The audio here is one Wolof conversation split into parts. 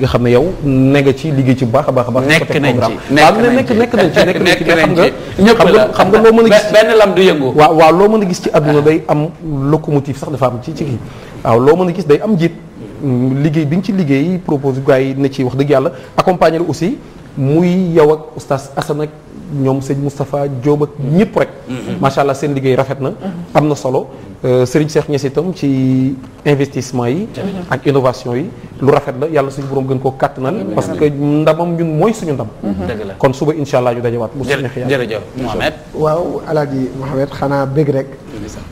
nga xam ne yow ne nga ci liggéey ci bu baax a baax a baax. nekk nañ ci nekk nekk nañ ci nekk nañ ci xam nga. ñëpp la xam nga loo mën a gis benn lam du loo mën a gis ci àdduna day am locomotive sax dafa am ci ci kii waaw loo mën a gis day am jiit liggéey bi nga ci liggéey propose gars yi na ci wax dëgg yàlla accompagner la aussi muy yow ak oustaz Assane ak ñoom sëñ Moustapha Diop ak ñëpp rek. Mm-hmm. macha allah seen liggéey rafet na. Mm-hmm. am na solo euh, Serigne Cheikh Niass itam ci investissement yi. Mm-hmm. ak innovation yi lu rafet la yàlla suñu borom gën koo kàttanal. parce que ndamam ñun mooy suñu ndam. dëgg la kon suba incha allah ñu dajawaat. bu suñu neexee yàlla jërëjëf Mohamed. waaw Alaaji Mohamed xanaa bëgg rek.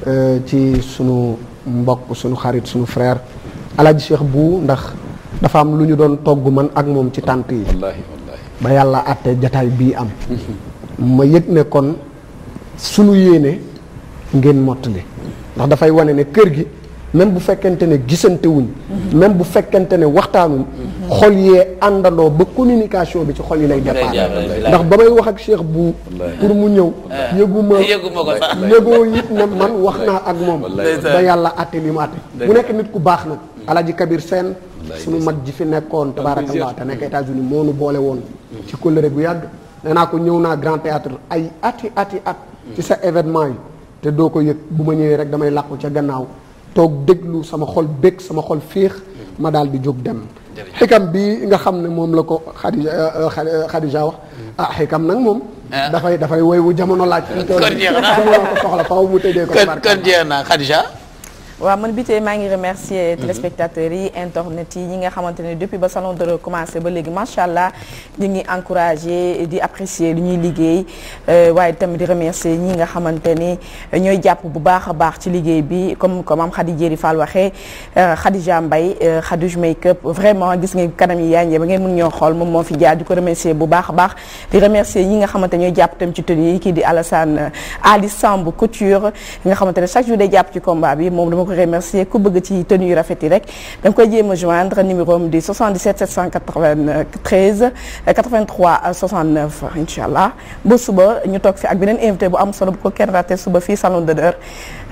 Euh, ci suñu mbokk suñu xarit sunu frère. Alaaji Cheikh bu ndax dafa am lu ñu doon togg man ak moom ci tànt yi. ba yàlla àtte jataay bii am. ma yëg ne kon sunu yéene ngeen mottali ndax dafay wane ne kër gi même bu fekkente ne gisantewuñ wuñ même bu fekkente ne waxtaanuñ xol yee àndandoo ba communication bi ci xol yi lay départ ndax ba may wax ak Cheikh bu pour mu ñëw eh, yëguma eh, yëgoo it ne man wax naa ak moom ba yàlla atte li mu atte mu nekk nit ku baax nag mm. Alaji Kabir seen sunu mag ji fi nekkoon tabaarakallah te nekk États-Unis moo nu boole woon ci kóllëre gu yàgg nee naa ko ñëw naa grand théâtre ay ati ati at ci sa événement yi te doo ko yëg bu ma ñëwee rek damay làqu ca gannaaw toog déglu sama xol bég sama xol féex ma daal di jóg dem xikam bi nga xam ne moom la ko xadija xadija euh, euh, wax ah xikam nag moom ah. dafay dafay woy wu jamono laaj kon jeex ko soxla faw mu tëjee ko kon jeex na xadija waaw man bi tey maa ngi remercier mhm. téléspectateurs yi internet yi ñi nga xamante ne depuis ba salon de recommencé ba léegi macha allah ñu ngi encouragé di apprécier lu ñuy liggéey euh, waaye tamit di remercier ñi nga xamante ni ñooy jàpp bu baax a baax ci liggéey bi comme comme am Khady Diéry Fall waxee euh, Khadija Mbaye euh, Khadouj Makeup vraiment gis nga kanam yi yaa ba ngeen mun ñoo xool moom moo fi jaar di ko remercier bu baax a baax di remercier nga xamante ñooy jàpp tam ci tenue kii di Alassane Ali Samb Couture nga xamante ne chaque jour day jàpp ci combat bi moom dama ko remercier ku bëgg ci tenue yu rafet yi rek da nga koy jéem a joindre numéro am di 77 793 83 69 incha ba suba ñu toog fi ak beneen invité bu am solo bu ko kenn raté suba fii salon d'honneur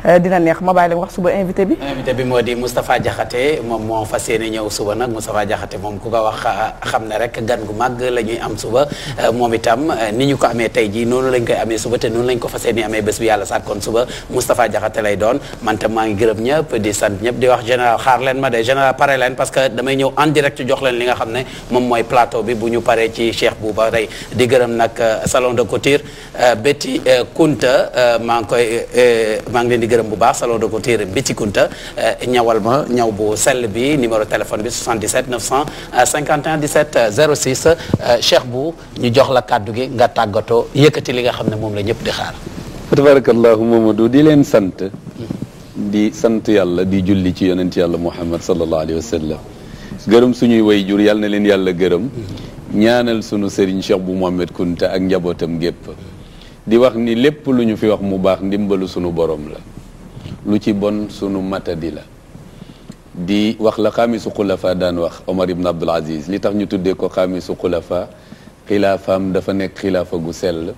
Euh, dina neex ma bàyyi la wax suba invité bi. invité bi moo di Moustapha Diakhaté moom moo fas yéene ñëw suba nag Moustapha jaxate moom ku ko wax euh, xam ne rek gan gu màgg la ñuy am suba euh, moom itam ni ñu ko amee tey jii noonu lañ koy amee suba te noonu lañ ko fas yéene amee bés bi yàlla kon suba Moustapha Diakhaté lay doon man maa ngi gërëm ñëpp di sant ñëpp di wax général xaar leen ma de général pare leen parce que damay ñëw en direct jox leen li nga xam ne moom mooy plateau bi bu ñu paree ci Cheikh Bouba tey di gërëm nag salon de couture Betty Kunta maa ngi koy maa ngi leen di gërëm bu baax salon de couture Béticounta eh, ñawal ma ñaw bu sell bi numéro téléphone bi 77 951 17 06 Cheikh bu ñu jox la kàddu gi nga tàggatoo yëkkati li nga xam ne moom la ñëpp di xaar. tabarakallahu Mamadou di leen sant. Hmm. di sant yàlla di julli ci yonent yàlla Muhammad sallallahu alayhi wa sallam. gërëm suñuy way jur yàlla na leen yàlla gërëm. Hmm. ñaanal sunu sëriñ Cheikh bu Mohamed Kunta ak njabootam gépp di wax ni lépp lu ñu fi wax mu baax ndimbalu sunu borom la. lu ci bon sunu matadi la di wax la xaamisu xulafa daan wax Omar ibn Abdul Aziz li tax ñu tuddee ko xaamisu xulafa xilaafaam dafa nekk xilaafa gu sell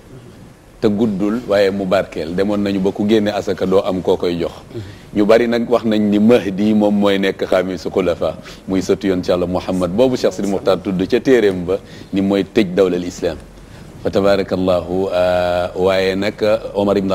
te guddul waaye mu barkeel demoon nañu ba ku génne asaka doo am koo koy jox mm-hmm. ñu bari nag wax nañ ni mahdi moom mooy nekk xaamisu xulafa muy sëtu yoon ci Yàlla Muhammad boobu Cheikh Sidi Muxtaar tudd ca téereem ba ni mooy tëj dawlal islam fa tabarakallahu uh, waaye nag uh, Omar ibn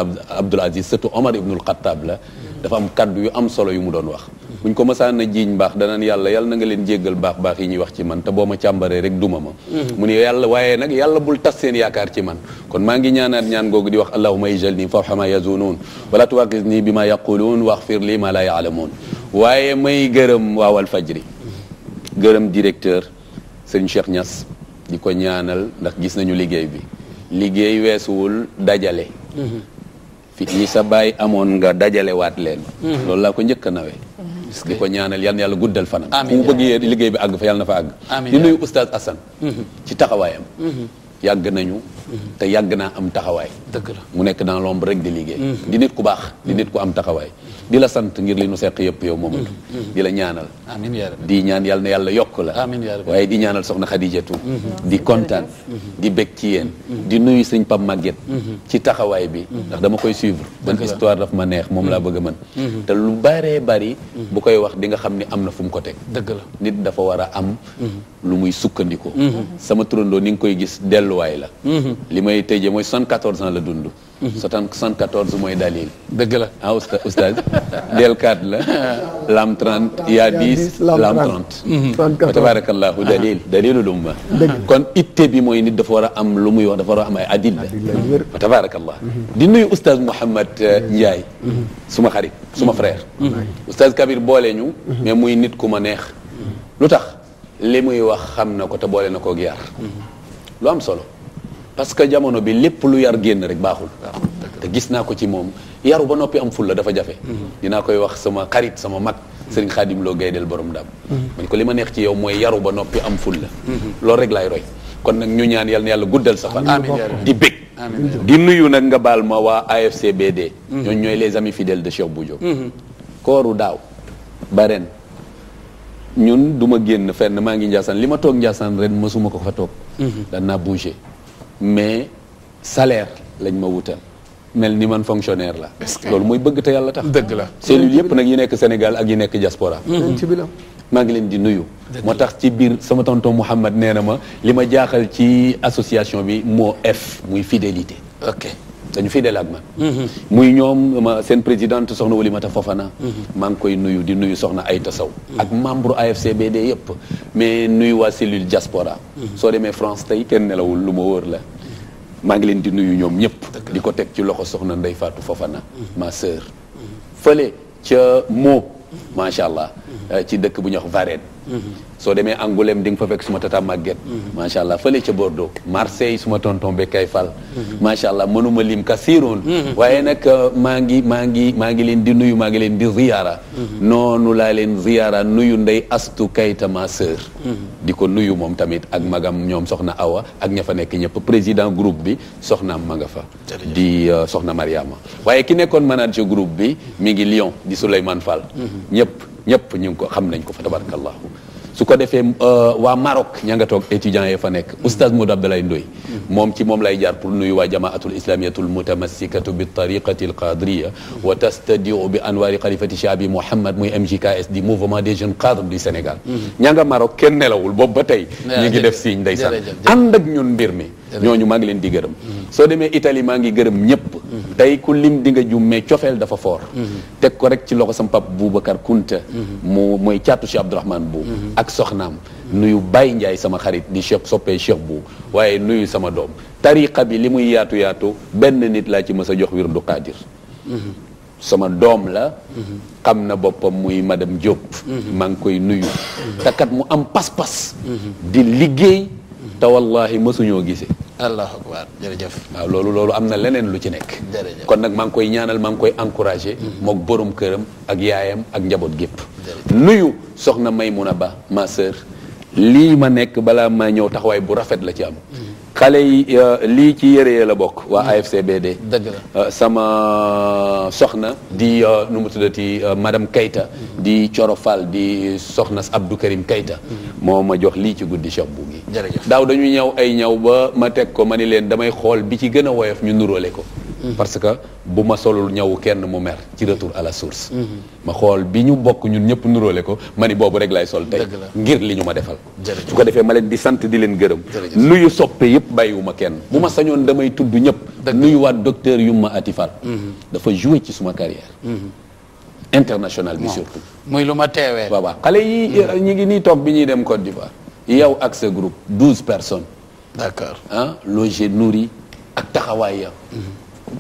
Abdul Aziz surtout Omar ibnul Xattaab la dafa am kaddu yu am solo yu mu doon wax buñ ko mësaan a jiiñ baax danaan yàlla yàlla na nga leen jéggal baax baax yi ñuy wax ci man te boo ma càmbaree rek duma ma mm-hmm. mu ne yàlla waaye nag yàlla bul tas seen yaakaar ci man kon maa ngi ñaanaat ñaan googu di wax allahuma ijalni farxama yazunuun wala tuwaqis nii bi ma yaquluun waxfir li ma la yaalamuun waaye may gërëm waawal fajri gërëm directeur sëriñ Cheikh Niass di ko ñaanal ndax gis nañu liggéey bi liggéey weesuwul dajale mhm. fi ñi sa baay amoon nga dajale waat leen mhm. lool laa ko njëkk a nawee di ko ñaanal yal na yàlla guddal fanam fu mu bëggee liggéey bi àgg fa yàlla na fa àgg di nuyu oustaz Assane mhm. ci taxawaayam yàgg nañu te yàgg naa am taxawaay dëgg mu nekk dans l'ombre rek di liggéey mm-hmm. di nit ku baax di nit ku am taxawaay di la sant ngir li nu seq yëpp yow Momadou mm-hmm. di la ñaanal amiin yaa rabbi di ñaan yàlla na yàlla yokk la amiin yaa rabbi waaye di ñaanal soxna Xadijatu mm-hmm. di kontaan di bég ci yéen di nuyu sëñ Pam Maguette ci taxawaay bi ndax dama koy suivre man histoire daf ma neex moom laa bëgg a mën te lu baree bari bu koy wax di nga xam ni am na fu mu ko teg dëgg la nit dafa war a am lu muy sukkandikoo delluwaay la mhm. li may tëjee mooy soixante-quatorze ans la dund mhm. soixante-quatorze mooy dalil dëgg la ah oustaz del la lam 30 yaa 10 lam 30 fa tabarakallahu dalil ah. dalilu lumma kon itte bi mooy nit dafa war a am lu muy wax dafa a am ay adilla fa tabarakallah mhm. di nuyu oustaz Mouhamed euh, suma xarit suma frère oustaz Kabir boole ñu mais muy nit ku ma neex lu tax li muy wax xam na ko te boole na koog yar lu am solo parce que jamono bi lépp lu yar génn rek baaxul te gis naa ko ci moom yaru ba noppi am fulla dafa jafe mhm. dinaa koy wax sama xarit sama mag mhm. sëriñ xaadim loo gaydel borom daam mhm. man ko li ma neex ci yow mooy yaru ba noppi am fulla loolu rek laay roy kon nag ñu ñaan yal na yàlla guddal sa fan di bég di nuyu nag nga baal ma waa AFCBD ñooñ ñooy les amis fidèles de Cheikh Boudiop kooru daaw ba ñun du ma génn fenn maa ngi Ndiassane li ma toog Ndiassane ren mësuma ko fa toog. Mhm. daan naa bougé mais salaire lañ ma wutal. mel ni man fonctionnaire la. loolu mooy bëgg te yàlla tax. dëgg la cellules yëpp nag yi nekk Sénégal ak yi nekk diaspora. Mhm. ci bi maa ngi leen di nuyu. moo tax ci biir sama tonton Mouhamed nee na ma li ma jaaxal ci association bi moo F muy fidélité. ok. dañu fiy dellu ak man. Mm-hmm. muy ñoom seen présidente soxna Oulimata Fofana. Mm-hmm. maa ngi koy nuyu di nuyu soxna ay Sow. Mm-hmm. ak membre AFCBD yëpp. mais nuyu waa cellule diaspora. soo demee France tey kenn nelawul lu ma wóor la. maa ngi leen di nuyu ñoom ñëpp. di ko teg ci loxo soxna Ndeye Fatou Fofana. ma sœur. fële ca moo. macha allah ci dëkk bu ñox wax soo demee Angoulême di nga fa fekk suma tata Maguette mhm. macha allah fële ca Bordeaux Marseille suma tonton kay Fall mhm. macha allah mënuma lim kasiiroon mhm. waaye nag euh, maa ngi maa ngi maa ngi leen di nuyu maa ngi leen di ziyaara noonu laa leen ziyaara nuyu ndey astu kayta ma sœur di ko nuyu moom tamit ak magam ñoom soxna Awa ak ña fa nekk ñëpp président group bi soxnaam ma nga fa di euh, soxna Mariama waaye ki nekkoon manager group bi mi ngi Lyon di Souleymane Fall ñëpp ñëpp ñu ngi ko xam nañ ko fa tabarakallahu su ko defee euh, waa Maroc ña nga toog étudiants yi fa nekk oustaz Modou Abdoulaye Ndoye mm-hmm. moom ci moom lay jaar pour nuyu waa jamaatul islamiyatul mutamassikatu bi tariqati al qadriya wa tastadiu bi anwaari xalifati shaabi Mouhamad muy MJKS di mouvement des jeunes cadres du Sénégal mm-hmm. ña nga Maroc kenn nelawul boobu ba tey ñu ngi def signe ndeysaan ànd ak ñun mbir mi ñooñu maa ngi leen di gërëm mm-hmm. soo demee itali maa ngi gërëm ñëpp mm-hmm. tey ku lim di nga jum mais cofeel dafa fort mm-hmm. teg ko rek ci loxo sam pap Boubacar Kunta mu mooy caatu Cheikh Abdourahmane bu ak soxnaam nuyu bàyyi Ndiaye sama xarit di Cheikh soppee Cheikh bu waaye nuyu sama doom tariqa bi li muy yaatu yaatu benn nit laa ci mës a jox wirdu Qadir sama doom la xam na boppam muy ma dem maa ngi koy nuyu te kat mu am pas-pas di liggéey te wallahi mësuñoo gisee allahu akbar jërëjëf. waaw loolu loolu am na leneen lu ci nekk. kon nag maa ngi koy ñaanal maa ngi koy encouragé. Mm-hmm. mook borom këram ak yaayam ak njaboot gépp nuyu soxna Maymuna Ba ma sœur lii ma nekk balaa ma ñëw taxawaay bu rafet la ci am. xale yi euh, lii ci yére la bokk. waa mm-hmm. AFCBD. dëgg euh, sama euh, soxna. di nu mu tuddati madame Kayta. Mm-hmm. di Coro Fall di soxna Abdou Karim Kayta. Mm-hmm. moo ma jox lii ci guddi shop bu gi. daaw dañu ñëw ay ñaw ba ma teg ko ma ni leen damay xool bi ci gën a woyof ñu nuroole ko. Mm-hmm. parce que bu ma solul ñaw kenn mu mer ci retour à la source mm-hmm. ma xool bi ñu bokk ñun ñëpp nuróole ko ma ni boobu rek lay sol tey ngir li ñu ma defal su ko defee ma leen di sant di leen gërëm nuyu soppe yëpp bàyyiwuma kenn bu ma mm-hmm. sañoon damay tudd ñëpp nuyuwaat docteur Yuma Atifal dafa joué ci suma carrière international bi surtout muy lu ma teewee waaw xale yi ñi ngi nii toog bi ñuy dem Côte d'Ivoire yow ak sa group douze personnes d'accord ah logé nourri ak taxawaay ya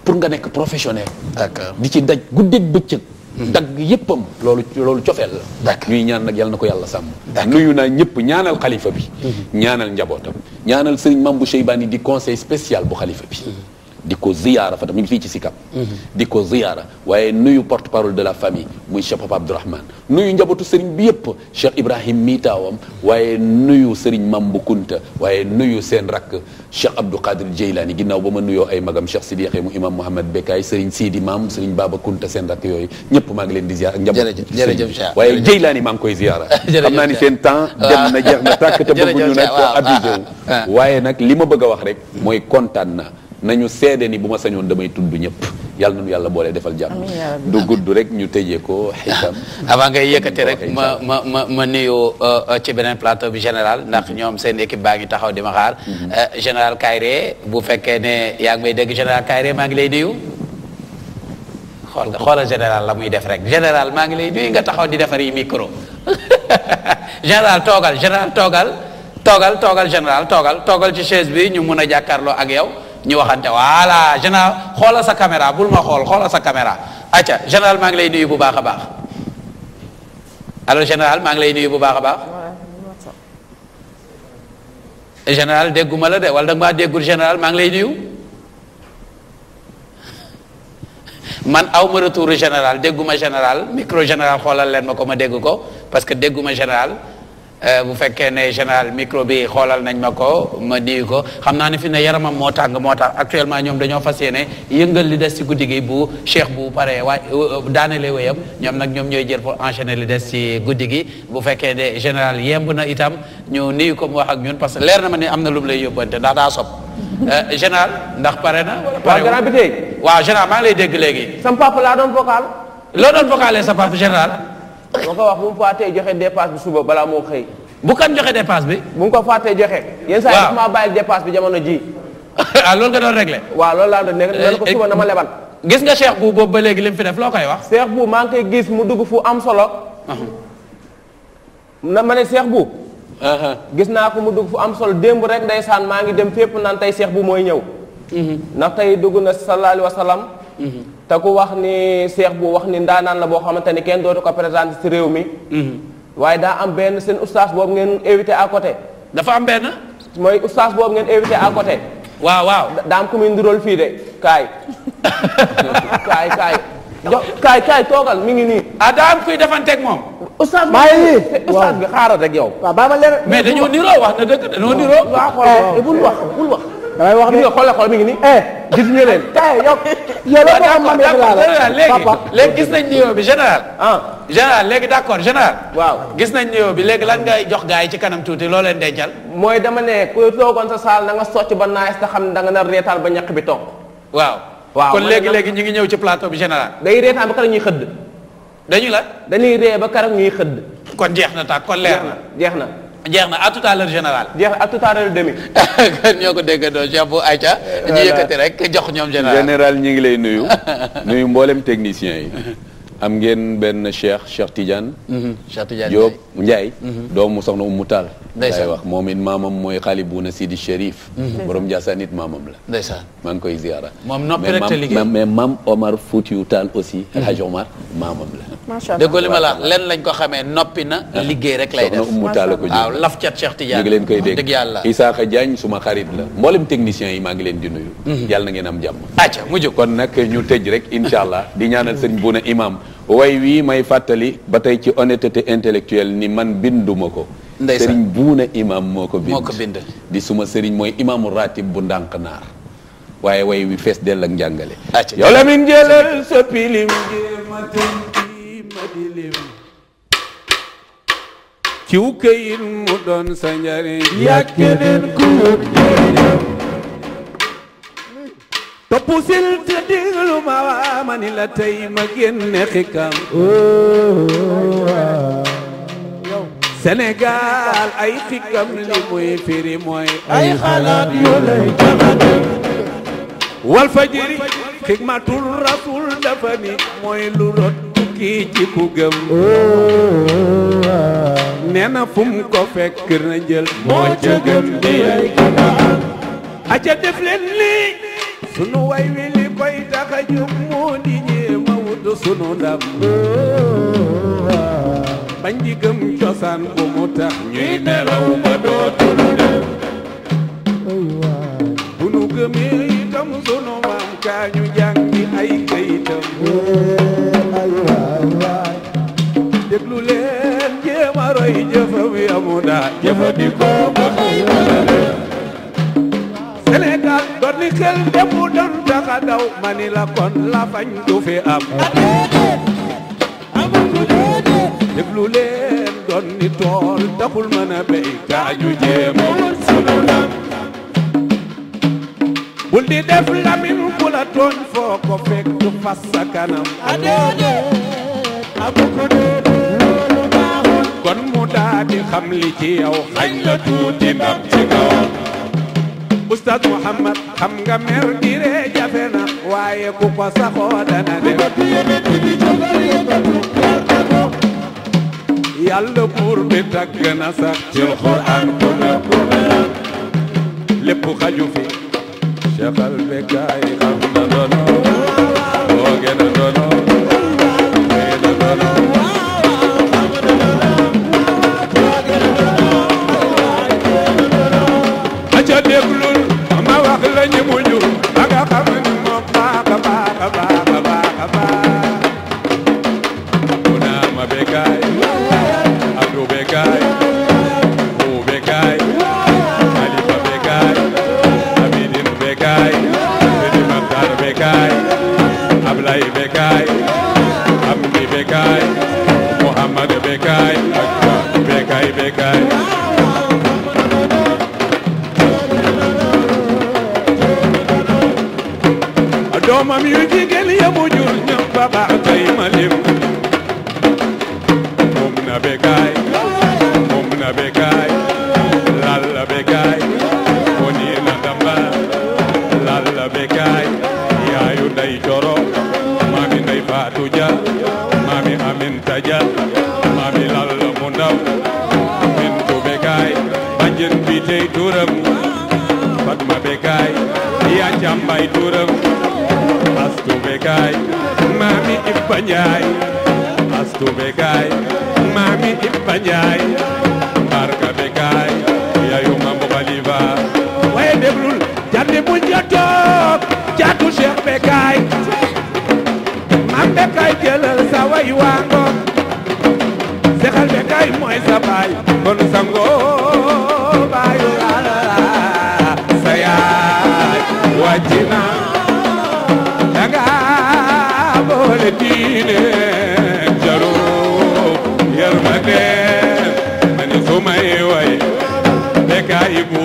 pour nga nekk professionnel. d'accord di ci daj guddeeg bëccëg. Hmm. dagg yëppam loolu loolu cofeel la. d'accord ñuy ñaan nag yàlla na ko yàlla sàmm. nuyu naa ñëpp ñaanal xalifa bi. Hmm. ñaanal njabootam. ñaanal sëriñ Mame Bou Cheybani di conseil spécial bu xalifa bi. Hmm. di ko ziyaara fa tam ñu ngi mhm. di ko ziyaara waaye nuyu porte parole de la famille muy Cheikh Papa Abdourahmane nuyu njabootu sëriñ bi yëpp Cheikh Ibrahim taawam waaye nuyu sëriñ Mam bu Kunta waaye nuyu seen rakk Cheikh Abdou Qadir Jeylaani ginnaaw ba ma nuyoo ay magam Cheikh Sidi Yaxee mu imam Mouhamed Bekkaay sëriñ Sidi Mam sëriñ Baba Kunta seen rakk yooyu ñëpp maa ngi leen di ziyaara ak njabootu sëriñ waaye Jeylaani maa ngi koy ziyaara xam naa ni seen temps na jeex na tàkk ah. waaye nag li ma bëgg a wax rek mooy kontaan na nañu seede ni bu ma sañoon damay tudd ñëpp yàlla nañu yàlla boole defal jàmm du gudd rek ñu tëjee ko xikam avant ngay yëkkate rek ma ma ma ma nuyoo euh, ci beneen plateau bi général ndax mm-hmm. ñoom seen équipe baa ngi taxaw di mm-hmm. euh, général Kayré bu fekkee ne yaa ngi may dégg général maa ngi lay nuyu xool général la muy def rek général maa ngi lay nuyu nga taxaw di defar yi micro général toogal général toogal toogal toogal général toogal toogal ci chaise bi ñu mun a jàkkaarloo ak yow ñu waxante voilà général xoolal sa caméra bul ma xool xoolal sa caméra acca général maa ngi lay nuyu bu baax a baax alors général maa ngi lay nuyu bu baax a baax général dégguma la de wala da déggul général maa ngi lay nuyu man aw ma général dégguma général micro général xoolal leen ma ko ma dégg ko parce que dégguma général Euh, bu fekkee ne général micro bi xoolal nañ ma ko ma di ko xam naa ne fi ne yaramam moo tàng moo tax actuellement ñoom dañoo fa yéene yëngal li des ci guddi gi bu cheikh bu paree waaye euh, euh, daanele wéyam ñoom nag ñoom ñooy jël pour enchaîner li des ci guddi gi bu fekkee ne général yemb na itam ñu nuyu ko mu wax ak ñun parce que leer na ma ne am na lu mu lay yóbbante ndax daa sob général ndax pare na. pare waaw grand bi tey. waaw général maa ngi lay dégg léegi. sam papa laa doon vocal. loo doon vocalé sa papa général. bu ko wax bu mu fàttee joxe dépasse bi suba balaa moo xëy. bu kan joxe dépasse bi. bu mu ko fàttee joxe. yenn saa yi dafa maa bàyyi dépasse bi jamono ji ah loolu nga doon réglé. waaw loolu laa doon nekk ko eh, suba na eh, ma lebal. gis nga Cheikh Bou boobu ba léegi li mu fi def loo koy wax. Cheikh Bou maa ngi koy gis mu dugg fu am solo. Uh-huh. na ma ne Cheikh bu uh-huh. gis naa ko mu dugg fu am solo démb rek saan maa ngi dem fépp naan tey Cheikh bu mooy ñëw. Uh-huh. ndax tey dugg na sallallahu alayhi wa sallam te wax ni seex bu wax ni ndaanaan la boo xamante ni kenn dootu ko présenté si réew mi. Mhm. waaye daa am benn seen ustaas boobu ngeen invité a côté. dafa am benn. mooy ustaas boobu ngeen invité à côté. waaw waaw daa am ku muy ndural fii de kaay. kaay kaay. jo kaay kaay toogal mi ngi nii. ah daa am kuy defanteeg moom. ustaas maa ngi nii ustaas bi xaaral rek yow. waaw baa ma leer mais niroo wax na dëgg dañoo niroo. waaw waaw eh, eh, bul eh. wax bul wax. damay wax ne xoolal xool ngi nii. Eh, gis nga leen. Eh, yow yow loolu moo am léegi gis nañ nuyoo bi général. ah général léegi d' accord général. waaw gis nañ nuyoo bi léegi lan ngay jox gars yi ci kanam tuuti loo leen dencal. mooy dama ne ku toogoon sa saal na nga socc ba naaj te xam ne da nga ba ñaq bi toog. waaw. waaw kon léegi léegi ñu ngi ñëw ci plateau bi général. day reetaan ba keroog ñuy xëdd. dañuy la. dañuy ree ba keroog ñuy xëdd. kon jeex na taag kon leer na jeex na. jeex na à tout à l'heure général. jeex na à tout à l'heure demi. ñoo ko déggandoo Cheikh bu Aïcha. Eh, ñu yëkkati rek jox ñoom général. général ñu ngi lay nuyu. nuyu mboolem technicien yi. am ngeen benn Cheikh Cheikh Tidiane. Mhm, Cheikh Tidiane Diop Ndiaye. Mhm. doomu soxna Umu Taal. ndeysaan wax moom it maamam mooy xaali buuna Sidi Chérif. Mhm. borom Ndiassane it maamam la. ndeysaan maa ngi koy ziara. moom noppi rek te liggéey mais maam Omar Foutiou Taal aussi. El Hadj Omar maamam la. macha allah déggoo li ma la lenn lañ ko xamee noppi na. Ah. liggéey rek lay def soxna leen koy dégg dëgg yàlla. Isaaxa Diagne suma xarit la. mboolem technicien yi maa ngi leen di nuyu. Mhm. yàlla na ngeen am jàmm. acca mujj kon nag ñu tëj rek incha allah di ñaanal sëñ Bouna Imaam. way wii may fàttali ba tey ci honnêteté intellectuelle ni man binduma ko. ndeysaan sëriñ Bouna Imaam moo ko bind. moo ko bind di suma sëriñ mooy imaamu ratib bu ndànk naar. waaye way wi fees dell ak njàngale. acca yow la min dillim ciw këyin mu doon sa njariñ ku yóbbu njariñam topp sil te ma waa ma ni la tey ma génne xikam Sénégal ay xikam li muy firi mooy ay xalaat yu lay jaxate Walfadjri xikmatul rasul dafa ni mooy lu rot kii ci ku gëm nee na ko fekk na jël moo ca gëm di lay gën a am def leen lii sunu way wi li koy tax a jóg moo di jéema wutu sunu ndam bañ di gëm cosaan bu mu tax ñuy nelaw ba dootul dem bu nu gëmee itam sunu maam kaa ñu jàngi ay kayitam waay waay waay déglu leen jéem a roy jëfam ya mu daa jëfandikoo ba xëy wala leen Sénégal doon ni xel demu doon taxa daw ma ni la kon la fañ du fi am déglu leen doon ni tool taxul mën a béy gaañu jéem a wut sunu bul di def lamin ku la tooñ foo ko fekk du fas sa kanam abu ko déedéet loolu baaxul kon mu daa di li ci yow xañ la tuuti ndam ci kawam Oustaz Mouhamad xam nga mer waaye ku ko saxoo dana dem yàlla buur bi tagg ci alxuraan ku ne ku ne lépp xaju fi Cheikh Albekaay xam na dono moo gën a dono njaay yaayu nday coro maami nday faatu ja maami aminta ja lalla mu ndaw min tu bekaay bajjen bi tey turam fatma bekaay yaa càmbay turam astu bekaay maami ibba njaay astu bekaay ni mu njëtoog caatu Cheikh Bekay maam Bekay jëlal sa way waa ngoog sexal Bekay mooy sa baay kon sangoo baayu laalala sa yaay wàcc na danga boole diine jaroo yërmande ma ni su may way Bekay bu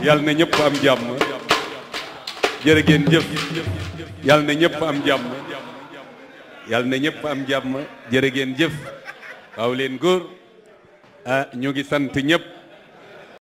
yaru na ñëpp am jàmm jërë ngeen jëf yàlla na ñëpp am jàmm yàlla na ñëpp am jàmm jërë ngeen jëf waaw leen góor ah ñu ngi sant ñëpp